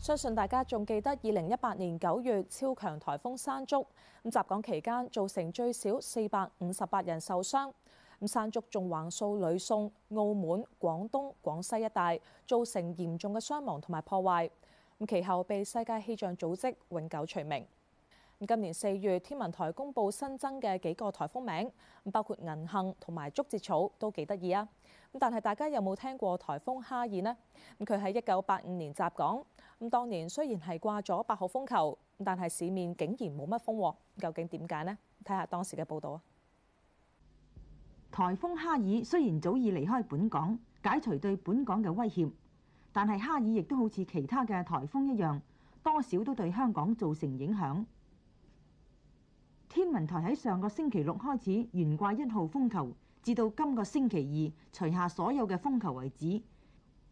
相信大家仲記得二零一八年九月超強颱風山竹咁襲港期間造成最少四百五十八人受傷，咁山竹仲橫掃呂宋、澳門、廣東、廣西一帶，造成嚴重嘅傷亡同埋破壞。咁其後被世界氣象組織永久除名。咁今年四月天文台公布新增嘅幾個颱風名，咁包括銀杏同埋竹節草都幾得意啊。咁但係大家有冇聽過颱風哈爾呢？咁佢喺一九八五年襲港。咁當年雖然係掛咗八號風球，但係市面竟然冇乜風，究竟點解呢？睇下當時嘅報導啊！颱風哈爾雖然早已離開本港，解除對本港嘅威脅，但係哈爾亦都好似其他嘅颱風一樣，多少都對香港造成影響。天文台喺上個星期六開始懸掛一號風球，至到今個星期二除下所有嘅風球為止。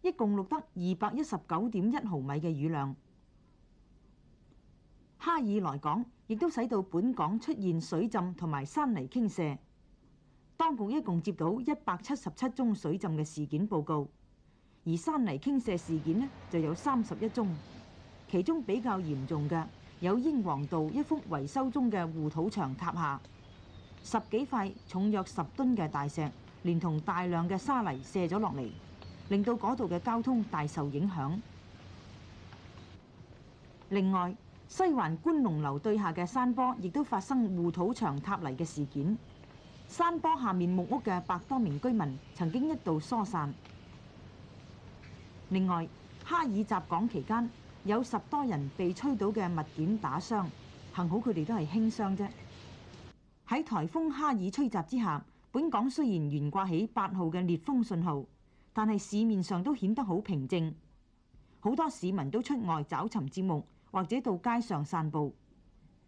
一共錄得二百一十九點一毫米嘅雨量，哈爾來港亦都使到本港出現水浸同埋山泥傾瀉。當局一共接到一百七十七宗水浸嘅事件報告，而山泥傾瀉事件呢就有三十一宗，其中比較嚴重嘅有英皇道一幅維修中嘅護土牆塌下，十幾塊重約十噸嘅大石，連同大量嘅沙泥卸咗落嚟。令到嗰度嘅交通大受影響。另外，西環觀龍樓對下嘅山坡亦都發生護土牆塌泥嘅事件，山坡下面木屋嘅百多名居民曾經一度疏散。另外，哈爾襲港期間有十多人被吹到嘅物件打傷，幸好佢哋都係輕傷啫。喺颱風哈爾吹襲之下，本港雖然懸掛起八號嘅烈風信號。但係市面上都顯得好平靜，好多市民都出外找尋節目，或者到街上散步。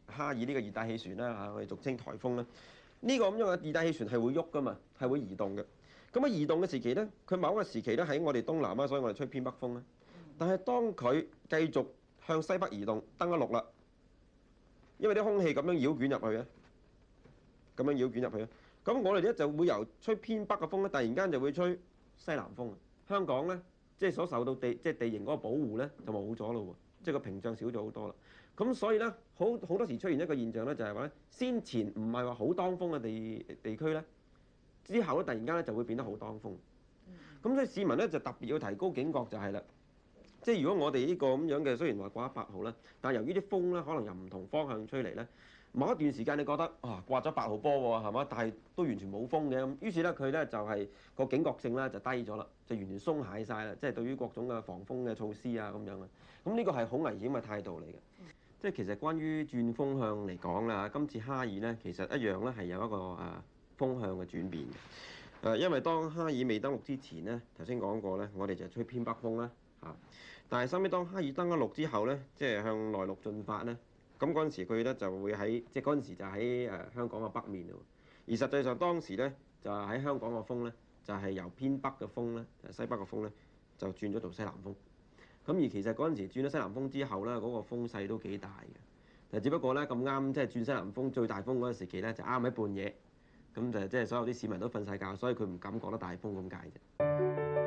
哈爾呢個熱帶氣旋啦，嚇，我哋俗稱颱風啦。呢個咁樣嘅熱帶氣旋係會喐噶嘛，係會移動嘅。咁啊，移動嘅時期咧，佢某個時期咧喺我哋東南啊，所以我哋吹偏北風咧。但係當佢繼續向西北移動，登陸啦，因為啲空氣咁樣繞捲入去啊，咁樣繞捲入去啊，咁我哋咧就會由吹偏北嘅風咧，突然間就會吹。西南風啊，香港咧即係所受到地即係地形嗰個保護咧就冇咗咯喎，即係個屏障少咗好多啦。咁所以咧好好多時出現一個現象咧、就係，就係話咧先前唔係話好當風嘅地地區咧，之後咧突然間咧就會變得好當風。咁所以市民咧就特別要提高警覺就係啦。即係如果我哋呢個咁樣嘅，雖然話掛八號啦，但係由於啲風咧可能由唔同方向吹嚟咧，某一段時間你覺得啊掛咗八號波喎係嘛？但係都完全冇風嘅咁，於是咧佢咧就係個警覺性咧就低咗啦，就完全鬆懈晒啦，即係對於各種嘅防風嘅措施啊咁樣啊，咁呢個係好危險嘅態度嚟嘅。嗯、即係其實關於轉風向嚟講啦，今次哈爾咧其實一樣咧係有一個誒風向嘅轉變嘅。誒，因為當哈爾未登陸之前咧，頭先講過咧，我哋就吹偏北風啦，嚇。但係收尾當哈爾登咗陸之後咧，即係向內陸進發咧，咁嗰陣時佢咧就會喺，即係嗰陣時就喺誒香港嘅北面。而實際上當時咧就係喺香港嘅風咧，就係由偏北嘅風咧、西北嘅風咧，就轉咗到西南風。咁而其實嗰陣時轉咗西南風之後咧，嗰個風勢都幾大嘅。但只不過咧咁啱，即係轉西南風最大風嗰陣時期咧，就啱喺半夜。咁就即係所有啲市民都瞓晒覺了，所以佢唔敢覺得大風咁解啫。